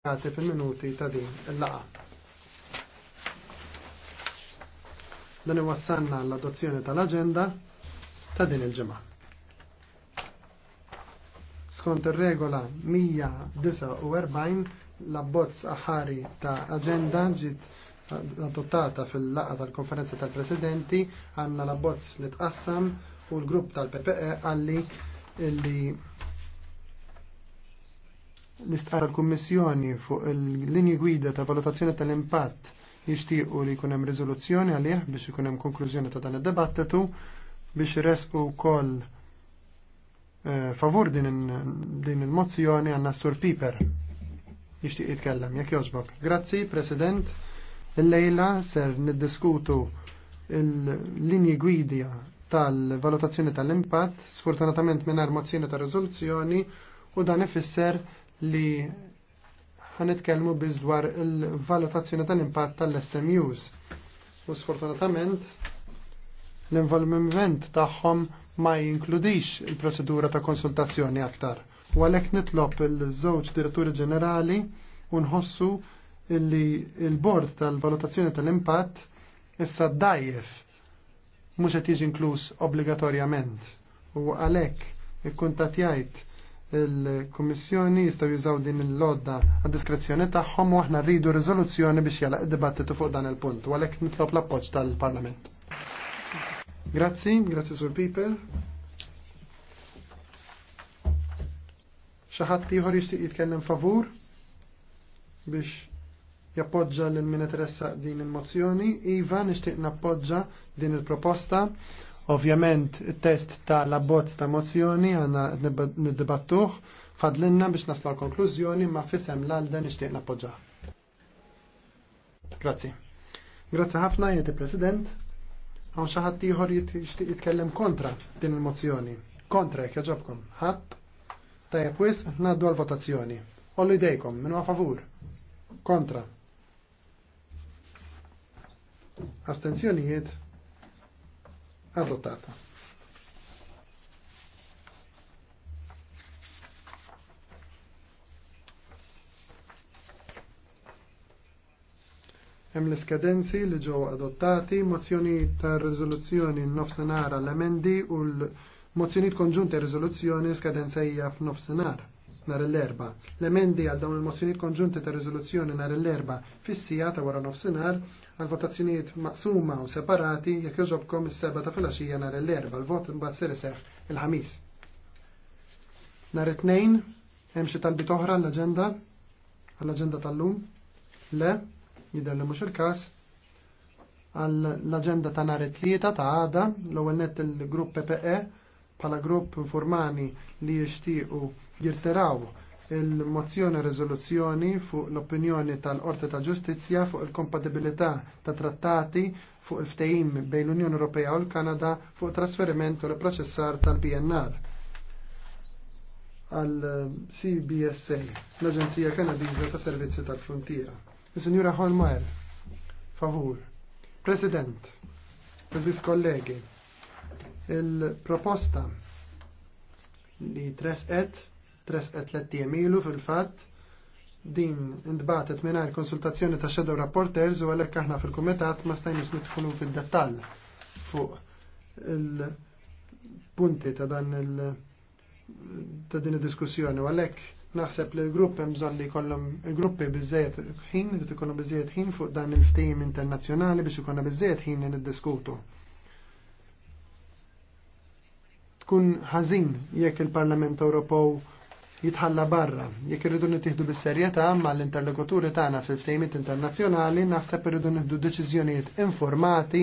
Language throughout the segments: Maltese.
Għati fil-minuti ta' din il-laqa. Dan iwassanna l-adozzjoni tal-agenda ta' din il-ġemma. Skont ir-regola 149 l bozz aħari ta' agenda ġiet adottata fil-laqa tal-konferenza tal-presidenti għanna l bozz li tqassam u l-grupp tal-PPE għalli illi l istqara l-Kummissjoni fuq il-linji gwida ta' valutazzjoni tal-impatt jixtiequ li jkun hemm riżoluzzjoni għalih biex ikun hemm konklużjoni ta' dan id-dibattitu biex resqu wkoll eh, favur din il-mozzjoni għandna Sur Piper jixtieq jitkellem jekk jogħġbok. Grazzi, President. Illejla ser niddiskutu il-linji gwidja tal-valutazzjoni tal-impatt, sfortunatament minn mozzjoni ta' riżoluzzjoni u dan ifisser li ħanitkellmu biz dwar il-valutazzjoni tal-impatt tal-SMUs. U sfortunatament l-involviment tagħhom ma jinkludix il-proċedura ta' konsultazzjoni aktar. U għalhekk nitlob il-żewġ diretturi ġenerali u nħossu li il-bord tal-valutazzjoni tal-impatt issa dajjef mhux qed jiġi inkluż obbligatorjament. U għalhekk ikkuntatjajt jgħid il-Kommissjoni jistaw jużaw din il-lodda għad diskrezzjoni tagħhom u aħna rridu riżoluzzjoni biex jalaq dibattitu fuq dan il-punt u għalhekk nitlob l-appoġġ tal-Parlament. Grazzi, grazzi Sur people. Xaħat ieħor jixtieq jitkellem favur biex jappoġġa l min din il-mozzjoni. Iva nixtieq nappoġġa din il-proposta. Ovvjament, il-test ta' labbozz ta' mozzjoni għanna nid debattuħ fadlinna biex naslu konklużjoni ma' fissem l-għalda nishtiq poġġa. Grazzi. Grazzi ħafna, jeti President. Għan xaħat tiħor jitkellem kontra din il-mozzjoni. Kontra, jek jaġobkom. ħadd. Tajab wis, naddu għal-votazzjoni. Ollu idejkom, minu għafavur. favur. Kontra. Astenzjonijiet adottata. Hemm l-iskadenzi li ġew adottati, mozzjoni ta' riżoluzzjoni nofsinhar l-emendi u l-mozzjonijiet konġunti riżoluzzjoni skadenza hija f'nofsinhar nhar l-erba. L-emendi għal dawn il-mozzjonijiet konġunti ta' riżoluzzjoni nhar l-erba fis ta' wara nofsinhar għal votazzjonijiet maqsuma u separati jekk iġobkom is-seba ta' filgħaxija nhar l-erba l-vot imbagħad ser iseħħ il-ħamis. Nhar it-tnejn hemm xi talbit oħra l-aġenda għall-aġenda tal-lum? Le, jidher li mhux il-każ. Għall-aġenda ta' nhar it-tlieta ta' għada l-ewwel nett il-grupp PPE bħala grupp informani li jixtiequ jirtiraw il-mozzjoni rezoluzzjoni fuq l-opinjoni tal-Qorti ta' Ġustizzja fuq il-kompatibilità ta' trattati fuq il-ftehim bejn l-Unjoni Ewropea u l-Kanada fuq trasferiment u l-proċessar tal-PNR għal CBSA, l-Aġenzija Kanadiża ta' Servizzi tal-Frontiera. Is-Sinjura Holmajer, favur. President, Preżis kollegi, il-proposta li tresqet tresqet lettiem ilu fil-fatt din intbatet mingħajr konsultazzjoni ta' Shadow Rapporters u għalhekk aħna fil-kumitat ma stajniex nidħlu fid-dettall fuq il-punti ta' dan il- ta' din id-diskussjoni u għalhekk naħseb li l-grupp hemm bżonn li jkollhom il-gruppi biżejjed ħin li ikollhom biżejjed ħin fuq dan il-ftehim internazzjonali biex ikollna biżejjed ħin li niddiskutu. Tkun ħażin jekk il-Parlament Ewropew jitħalla barra. Jekk irridu nittieħdu bis-serjetà mal interlokuturi tagħna fil-ftehimiet internazzjonali naħseb irridu nieħdu deċiżjonijiet informati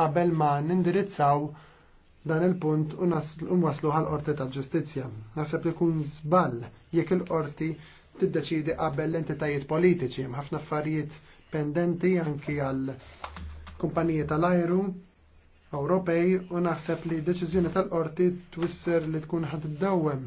qabel ma nindirizzaw dan il-punt u waslu għall qorti tal-ġustizzja. Naħseb li kun żball jekk il-qorti tiddeċidi qabel l-entitajiet politiċi hemm ħafna affarijiet pendenti anki għal kumpaniji tal-ajru Ewropej u naħseb li deċiżjoni tal-qorti twisser li tkun ħad dawwem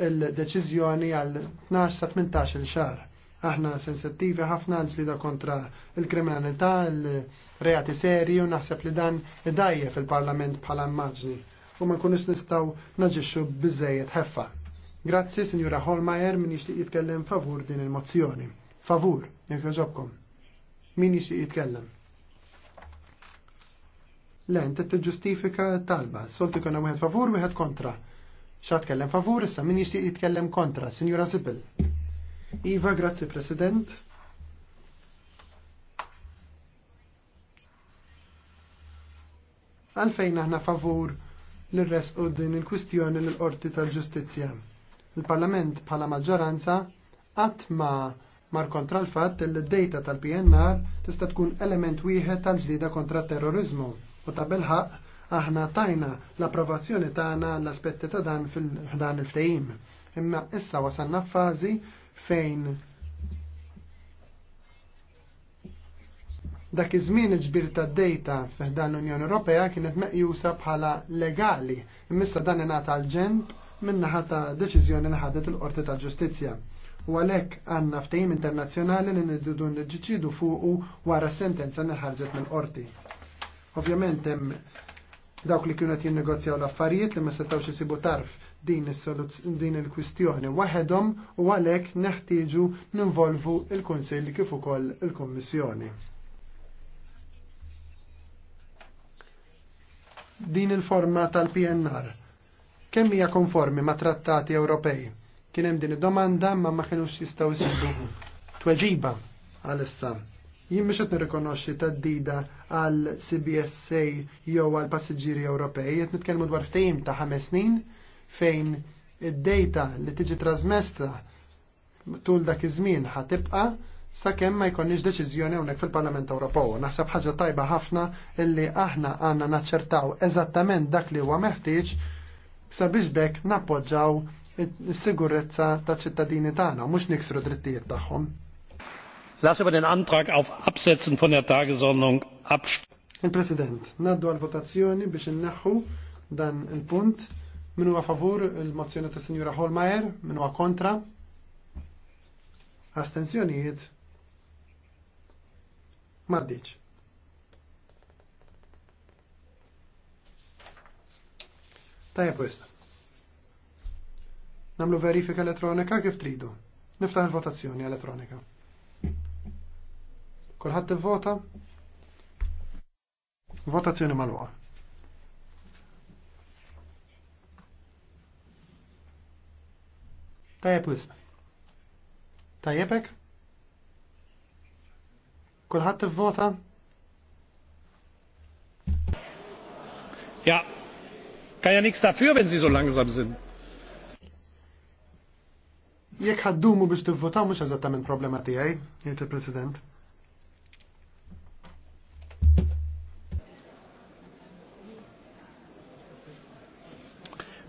il-deċiżjoni għal 12 sa 18 xar. Aħna sensittivi ħafna ġlida kontra il-kriminalità, il-reati seri u naħseb li dan id-dajje fil-parlament bħala maġni. u ma kunis nistaw naġixxu bizzejiet ħeffa. Grazzi, Sinjura Holmajer, min jixtieq jitkellem favur din il-mozzjoni. Favur, jek jogħġobkom. Min jixtieq jitkellem? Lent, t tiġġustifika talba, solti kuna wieħed favur, wieħed kontra. Xa tkellem favur, issa min jixtieq jitkellem kontra, Sinjura Sibyl. Iva, grazie, President. Għalfejn aħna favur l-res u din il-kwistjoni l-qorti tal-ġustizja. Il-Parlament bħala maġġoranza qatt ma mar kontra l-fatt li d-dejta tal-PNR tista' tkun element wieħed tal ġdida kontra terrorizmu u ta' belħaq Aħna tajna l-approvazzjoni tagħna l-aspetti ta' dan fil-ħdan il ftejim Imma issa wasanna fażi fejn dak iż-żmien il-ġbir tad-dejta f'dan l-Unjoni Ewropea kienet meqjusa bħala legali, imissa dan ingħata l min-naħa ta' deċiżjoni li ħadet il-Qorti ta' Ġustizzja. U għalhekk għandna ftehim internazzjonali li niżidu nġiċidu fuqu wara sentenza li ħarġet mill-qorti. Ovvjament hemm dawk li kienu qed jinnegozjaw l-affarijiet li ma setawx isibu tarf din din il-kwistjoni waħedhom u għalhekk neħtieġu ninvolvu il-Kunsill kif ukoll il-Kummissjoni. Din il-forma tal-PNR kemm hija konformi ma' trattati Ewropej? Kien hemm din id-domanda ma ma kienux jistgħu jsibu tweġiba għalissa Jien biex qed nirrikonoxxi tad-dida għal CBSA jew għal passiġġieri Ewropej, qed nitkellmu dwar fejn ta' ħames snin fejn id-data li tiġi trasmesta tul dak iż-żmien ħatibqa' sakemm ma jkollniex deċiżjoni hawnhekk fil-Parlament Ewropew. Naħseb ħaġa tajba ħafna illi aħna għandna naċċertaw eżattament dak li huwa meħtieġ sabiex bekk nappoġġaw is-sigurezza taċ ċittadini tagħna mhux niksru drittijiet tagħhom den Antrag Absetzen von der Tagesordnung Il-President, naddu għal-votazzjoni biex inneħħu dan il-punt. Minu favur il-mozzjoni ta' Signora Holmajer, minu kontra. Astenzjonijiet. Maddiċ. Tajja kwesta. Namlu verifika elettronika kif tridu. Niftaħ il-votazzjoni elettronika. Kulħadd ivvota? Votazzjoni magħluqa. Tajjeb wisq. Tajjebek? Kulħadd ivvota? Ja, kann ja nichts dafür, wenn Sie so langsam sind. Jekk ħaddumu biex tivvotaw mhux eżattament problema tiegħi, jgħid il-President.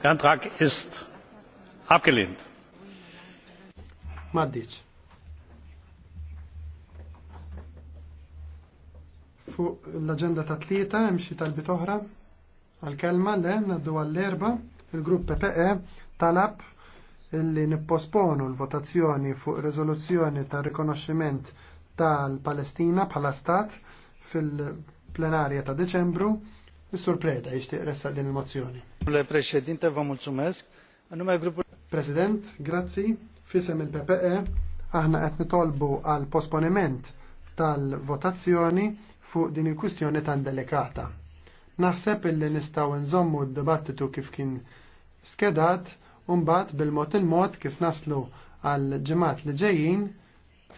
der antrag ist abgelehnt. Fuq l-agenda ta' tlieta hemm xi talbit oħra għall kelma le ngħaddu għall-erba il-grupp PPE talab illi nipposponu l-votazzjoni fuq riżoluzzjoni ta' rikonoxximent tal-Palestina bħala stat fil-plenarja ta' Deċembru Is-Sur Preda jixtieq ressaq din il-mozzjoni. Presidente, va mulzumesk. President, grazzi. Fisem il-PPE, aħna qed nitolbu għal posponiment tal-votazzjoni fuq din il-kwistjoni tan delikata. Naħseb illi nistgħu nżommu d-dibattitu kif kien skedat u mbagħad bil-mod il-mod kif naslu għal ġimgħat li ġejjin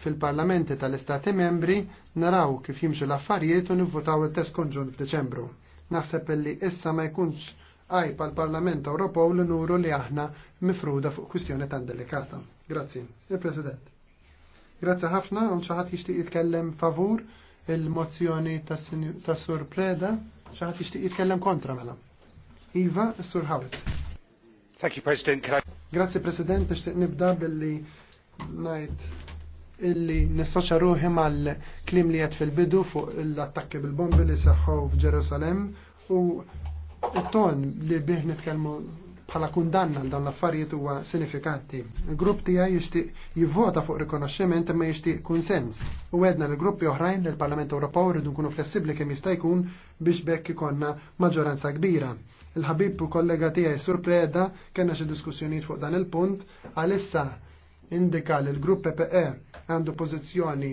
fil-parlamenti tal-istati membri naraw kif jimxu l-affarijiet u nivvotaw il-test konġun f'Deċembru. Naħseb li issa ma jkunx għaj pal Parlament Ewropew li nuru li aħna mifruda fuq kwistjoni tan delikata. Grazzi. Il-President. Grazzi ħafna, un xaħat jishtiq jitkellem favur il-mozzjoni tas Sur Preda, xaħat jishtiq jitkellem kontra mela. Iva, Sur Hawit. Thank you, President. Grazzi, President, nishtiq nibda billi najt illi nissoċa ruħi mal-klim li jgħat fil-bidu fuq l-attakki bil-bombi li seħħu f'Ġerusalem u t-ton li bih nitkellmu bħala kundanna l dawn l-affarijiet huwa sinifikanti. Il-grupp tiegħi jixtieq jivvota fuq rikonoxximent imma jixtieq kunsens. U għedna l-gruppi oħrajn li l-Parlament Ewropew rridu nkunu flessibbli kemm jista' jkun biex bekk ikonna maġġoranza kbira. Il-ħabib u kollega tiegħi Sur Preda kellna xi diskussjonijiet fuq dan il-punt għalissa indika li l-grupp PPE għandu pożizzjoni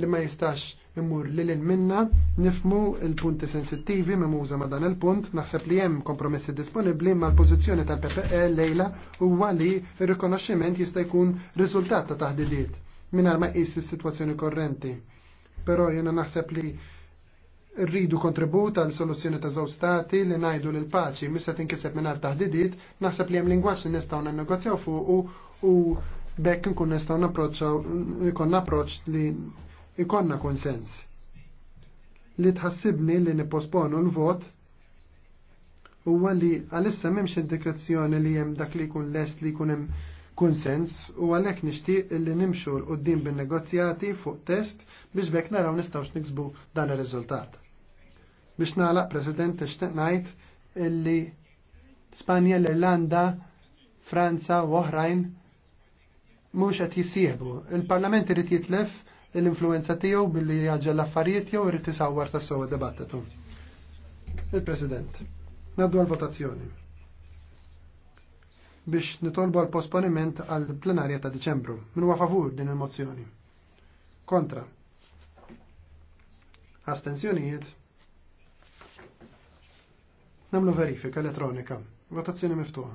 li ma jistax imur li lil minna nifmu il-punti sensittivi memuża ma dan il-punt naħseb li hemm kompromessi disponibbli ma l-pożizzjoni tal-PPE lejla u għali r-rikonoxximent jista' jkun riżultat ta' taħdidiet mingħajr ma qis is-sitwazzjoni korrenti. Però jiena naħseb li rridu kontribut għal soluzzjoni ta' żewġ stati li ngħidu l paċi Misa tinkiseb mingħajr taħdidiet, naħseb li hemm lingwaġġ li nistgħu negozjaw fuq u Bekk nkun nistgħu napproċċaw ikun approċċ li ikonna konsens. Li tħassibni li nipposponu l-vot huwa li għalissa m'hemmx indikazzjoni li hemm dak li jkun lest li jkun hemm konsens u għalhekk nixtieq li nimxu l qudiem bin-negozjati fuq test biex bekk naraw nistgħux niksbu dan ir-riżultat. Biex nagħlaq President tixtieq ngħid illi Spanja, l-Irlanda, Franza u oħrajn mhux qed jissieħbu. Il-Parlament irid jitlef l-influenza tiegħu billi jaġġa l-affarijiet jew irid isawwar tas-sewwa dibattitu. Il-President, naddu għal-votazzjoni biex nitolbu għal posponiment għal plenarja ta' Deċembru. Min huwa favur din il-mozzjoni? Kontra. Astenzjonijiet. Namlu verifika elettronika. Votazzjoni miftuħa.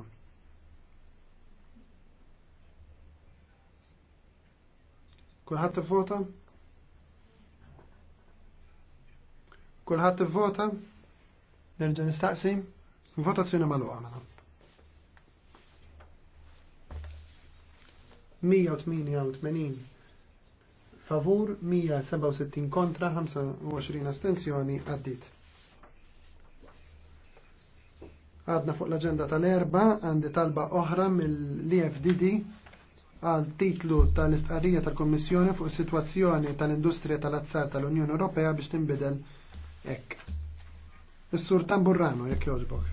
Kulħadd ivvota? Kulħadd ivvota? Nerġa' nistaqsi? Votazzjoni magħluqa mela. 188 favur, 167 kontra, 25 astensjoni għaddit. Għadna fuq l-agenda tal-erba għandi talba oħra mill-EFDD għal titlu tal-istqarrija tal-Kommissjoni fuq is-sitwazzjoni tal-industrija tal-azzar tal-Unjoni Ewropea biex tinbidel hekk. Is-Sur Tamburrano jekk jogħġbok.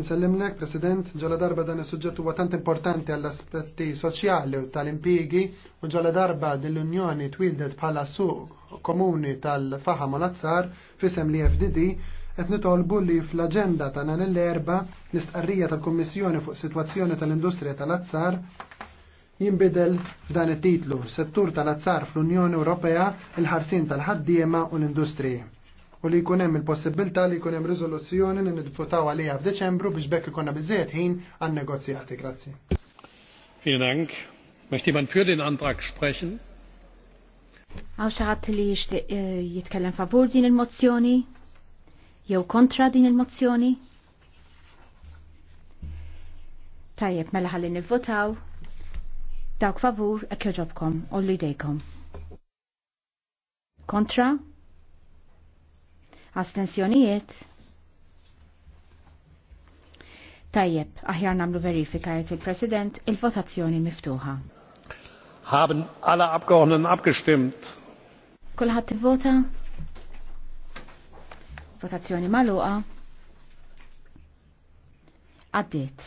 Insellimlek, President, ġala darba dan is-suġġett huwa tant importanti għall aspetti soċjali u tal-impjiegi u ġala darba l unjoni twildet bħala suq komuni tal-faħam u l-azzar fisem li FDD qed nitolbu li fl-aġenda ta' nhar l-erba l-istqarrija tal-Kummissjoni fuq sitwazzjoni tal-Industrija tal-Azzar jinbidel f'dan it-titlu Settur tal-Azzar fl-Unjoni Ewropea il-ħarsin tal-ħaddiema u l-industriji. U li jkun hemm il-possibilità li jkun hemm riżoluzzjoni li nidvotaw għaliha f'Deċembru biex bekk ikonna biżejjed ħin għan-negozjati. Grazzi. Vielen Dank. Möchte jemand für den Antrag sprechen? Għaw xaħat li jishtiq eh, jitkellem favur din il-mozzjoni? jew kontra din il-mozzjoni? Tajjeb, mela ħalli nivvotaw. Dawk favur, hekk joġobkom, ollu jdejkom. Kontra? Astensjonijiet? Tajjeb, aħjar namlu verifika jt il-President il-votazzjoni miftuħa. Haben alle Abgeordneten abgestimmt? Kulħadd ivvota? Votazzjoni maluqa. Għaddit.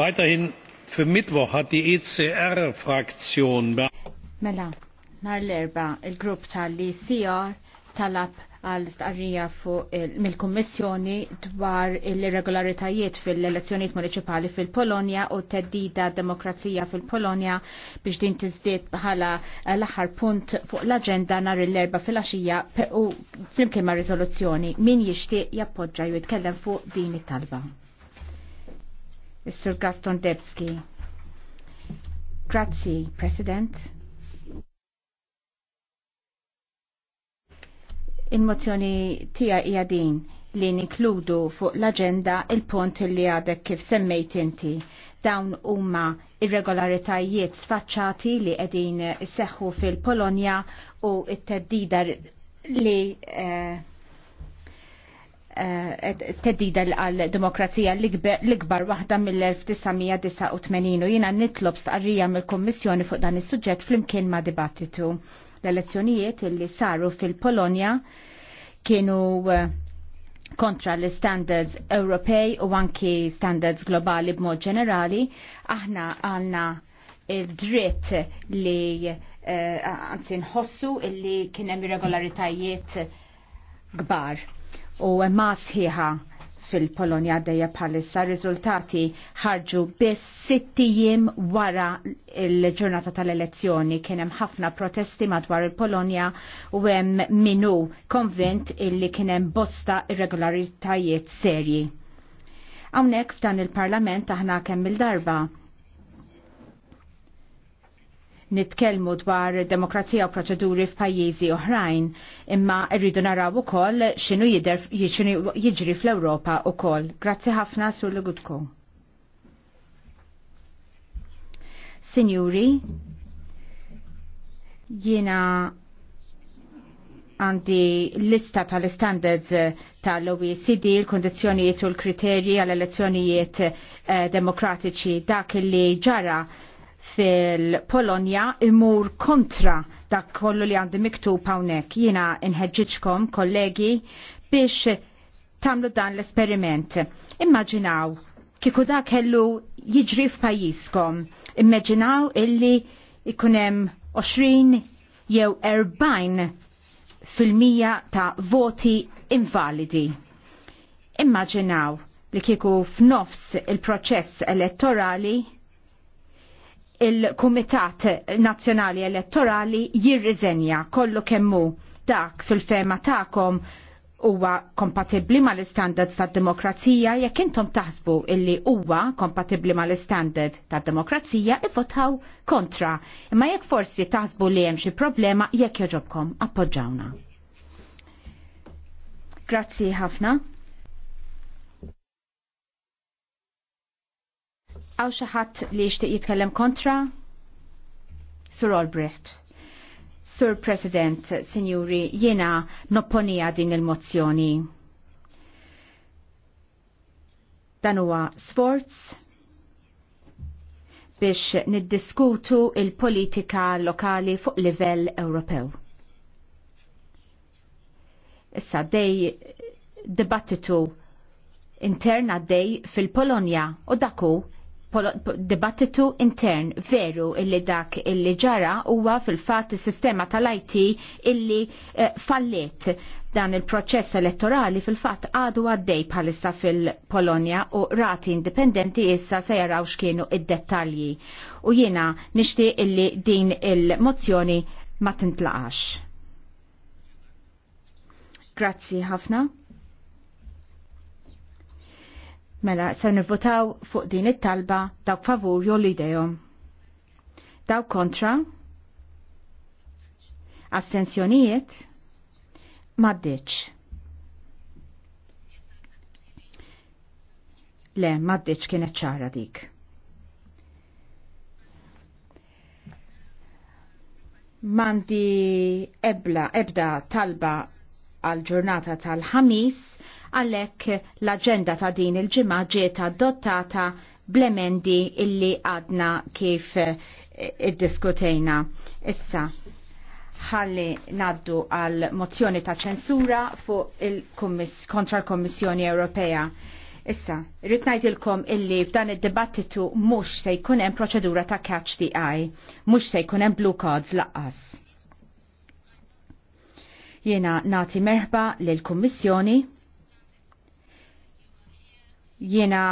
Weiterhin für Mittwoch hat die ECR-Fraktion. Mela, nar l-erba, il-grupp tal-ECR talab għal stqarrija mill-Kummissjoni dwar l-irregolaritajiet fil-elezzjonijiet municipali fil-Polonja u teddida demokrazija fil-Polonja biex din tiżdied bħala l-aħħar punt fuq l agenda nhar l-erba fil axija u flimkien ma' riżoluzzjoni min jixtieq jappoġġa ju jitkellem fuq din it-talba. Is-Sur Gaston Debski. Grazzi, President. Il-mozzjoni tija hija din li nikludu fuq l-agenda il-punt li għadek kif semmejt inti. Dawn huma irregolaritajiet sfaċċati li qegħdin seħħu fil-Polonja u t-teddida li eh, eh, t teddida għal-demokrazija l-ikbar waħda mill-1989 jina nitlob stqarrija mill-Kommissjoni fuq dan is-suġġett flimkien ma' dibattitu. L-elezzjonijiet li saru fil-Polonja kienu eh, kontra l-standards Ewropej u anki standards globali b'mod ġenerali, aħna għanna il-dritt li għanzi eh, nħossu illi kienem irregolaritajiet gbar u maħsħiħa fil-Polonja dejja bħalissa riżultati ħarġu biss sittijiem wara il-ġurnata tal-elezzjoni kien hemm ħafna protesti madwar il-Polonja u hemm minu konvent illi kien hemm bosta irregolaritajiet serji. Hawnhekk f'dan il-Parlament aħna kemm il-darba nitkellmu dwar demokrazija u proċeduri f'pajjiżi oħrajn, imma rridu naraw ukoll x'inhu jidher jiġri fl-Ewropa ukoll. Grazzi ħafna sur Lugutko. Sinjuri, jiena għandi lista tal-standards tal-OECD, l-kondizjonijiet u l-kriterji għall-elezzjonijiet eh, demokratiċi dak li ġara fil-Polonja imur kontra dak kollu li għandi miktub hawnhekk. Jiena inħeġġiġkom kollegi biex tagħmlu dan l-esperiment. Immaġinaw kieku dak kellu jiġri f'pajjiżkom. Immaġinaw illi ikunem 20 jew 40 fil-mija ta' voti invalidi. Immaġinaw li kieku f'nofs il-proċess elettorali il-Kumitat Nazzjonali Elettorali jirriżenja kollu kemmu dak fil-fema ta'kom huwa kompatibbli mal-istandards tad-demokrazija jekk intom taħsbu illi huwa kompatibbli mal-istandard tad-demokrazija ivvotaw kontra. Imma jekk forsi taħsbu li hemm xi problema jekk joġobkom appoġġawna. Grazzi ħafna. Għaw xaħat li jishtiq jitkellem kontra? Sur Albrecht. Sur President, Signori, jena nopponija din il-mozzjoni. Dan huwa sforz biex niddiskutu il-politika lokali fuq livell Ewropew. Issa dej dibattitu interna dej fil-Polonja u daku dibattitu intern veru illi dak illi ġara huwa fil-fatt is-sistema tal-IT illi eh, falliet dan il-proċess elettorali fil-fatt għadu għaddej bħalissa fil-Polonja u rati indipendenti issa se jaraw x'kienu id-dettalji. U jiena nishti illi din il-mozzjoni ma tintlaqax. Grazzi ħafna. Mela, se nivvotaw fuq din it-talba dawk favur jew li dejom. Dawk kontra? Astenzjonijiet? Maddiċ. Le, maddiċ kienet ċara dik. Mandi ebla, ebda talba għal-ġurnata tal-ħamis, għalek l-agenda ta' din il-ġimma ġiet adottata blemendi illi għadna kif eh, id-diskutejna. Issa, ħalli naddu għal mozzjoni ta' ċensura fuq il kontra l-Kommissjoni Ewropea. Issa, il ngħidilkom illi f'dan id-dibattitu mhux se jkun hemm proċedura ta' catch the eye, mhux se jkun hemm blue cards laqqas. Jena nati merħba l-Kommissjoni. Jena